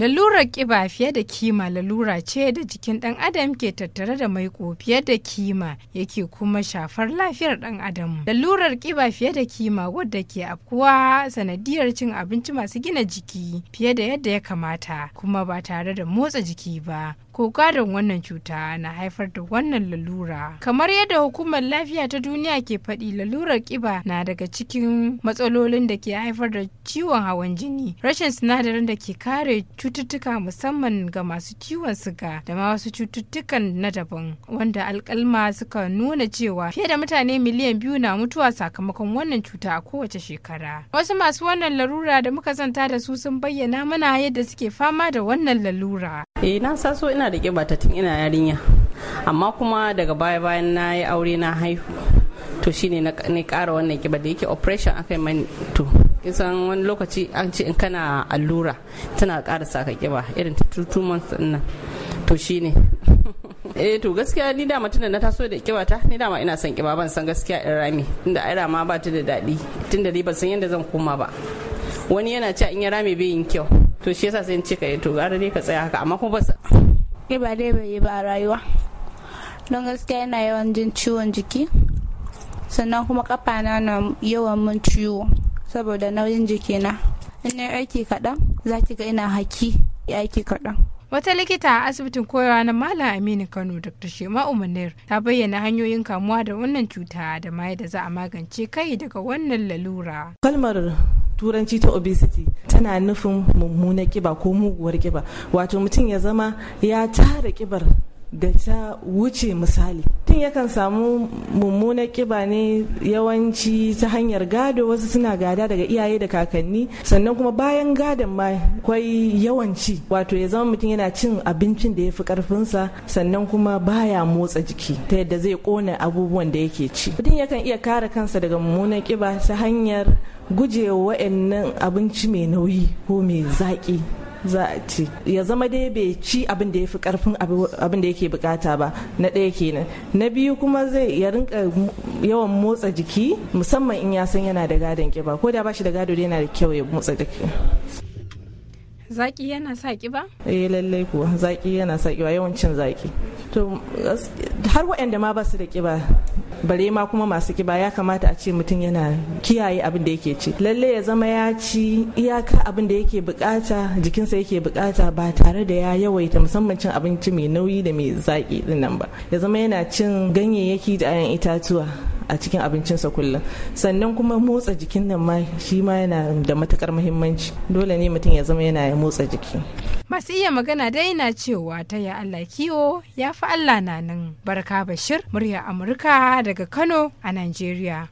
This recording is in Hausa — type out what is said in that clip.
Lalurar ƙiba fiye da kima lalura ce da jikin ɗan adam ke tattare da maiko fiye da kima yake kuma shafar lafiyar ɗan adam. Lalurar ƙiba fiye da kima wadda ke afkuwa sanadiyar cin abinci masu gina jiki fiye da yadda ya kamata kuma ba tare da motsa jiki ba ko gadon wannan cuta na haifar da wannan lalura kamar yadda hukumar lafiya ta duniya ke faɗi lalurar ƙiba na daga cikin matsalolin da ke haifar da ciwon hawan jini rashin sinadarin da ke kare cututtuka musamman ga masu ciwon siga da ma wasu cututtukan na daban wanda alkalma suka nuna cewa fiye da mutane miliyan biyu na mutuwa sakamakon wannan cuta a kowace shekara wasu masu wannan lalura da muka zanta da su sun bayyana mana yadda suke fama da wannan lalura eh na saso ina da kiba ta tun ina yarinya amma kuma daga baya bayan na yi aure na haihu to shine ne kara wannan kiba da yake operation akai mani to kisan wani lokaci an ce in kana allura tana kara saka kiba irin ta two months nan to shine eh to gaskiya ni dama tunda na taso da kiba ta ni dama ina son kiba ban san gaskiya in rami tunda ai rama ba ta da dadi tunda dai ba san yadda zan koma ba wani yana cewa in ya rame bai yin kyau to shi yasa sai in ce yi to gara dai ka tsaya haka amma kuma ba ke ba dai bai yi ba a rayuwa don gaskiya yana yawan jin ciwon jiki sannan kuma kafana na yawan mun ciwo saboda nauyin jikina in na aiki kaɗan za ki ga ina haki aiki kaɗan wata likita a asibitin koyarwa na malam aminu kano dr shema umar ta bayyana hanyoyin kamuwa da wannan cuta da maye da za a magance kai daga wannan lalura kalmar turanci ta obesity tana nufin mummunar kiba ko muguwar kiba wato mutum ya zama ya tara kibar da ta wuce misali mutum yakan samu mummunan kiba ne yawanci ta hanyar gado wasu suna gada daga iyaye da kakanni sannan kuma bayan gadon ma kwai yawanci wato ya zama mutum yana cin abincin da ya fi karfinsa sannan kuma baya motsa jiki ta yadda zai kona abubuwan da yake ci mutum yakan iya kare kansa daga mummunar kiba ta hanyar gujewa wa'annan abinci mai nauyi ko mai zaƙi za a ci ya zama dai bai ci abin da ya fi karfin abin da yake bukata ba na ɗaya kenan na biyu kuma zai ya rinka yawan motsa jiki musamman in ya san yana da gadon kiba ko da ba shi da gado yana da kyau ya motsa jiki zaki yana sa kiba eh lallai kuwa zaki yana sa kiba yawancin zaki to har waɗanda ma ba su da kiba bare ma kuma masu kiba ya kamata a ce mutum yana kiyaye abin da yake ci lalle ya zama ya ci iyaka abin da yake bukata jikinsa yake bukata ba tare da ya yawaita musamman cin abinci mai nauyi da mai zaki din nan ba ya zama yana cin ganyayyaki da 'ya'yan itatuwa a cikin abincinsa kullum sannan kuma motsa jikin nan ma shi ma yana da matukar muhimmanci dole ne mutum ya zama yana ya motsa jiki masu iya magana dai na cewa ta ya Allah kiwo ya fi Allah na nan barka bashir murya amurka daga kano a najeriya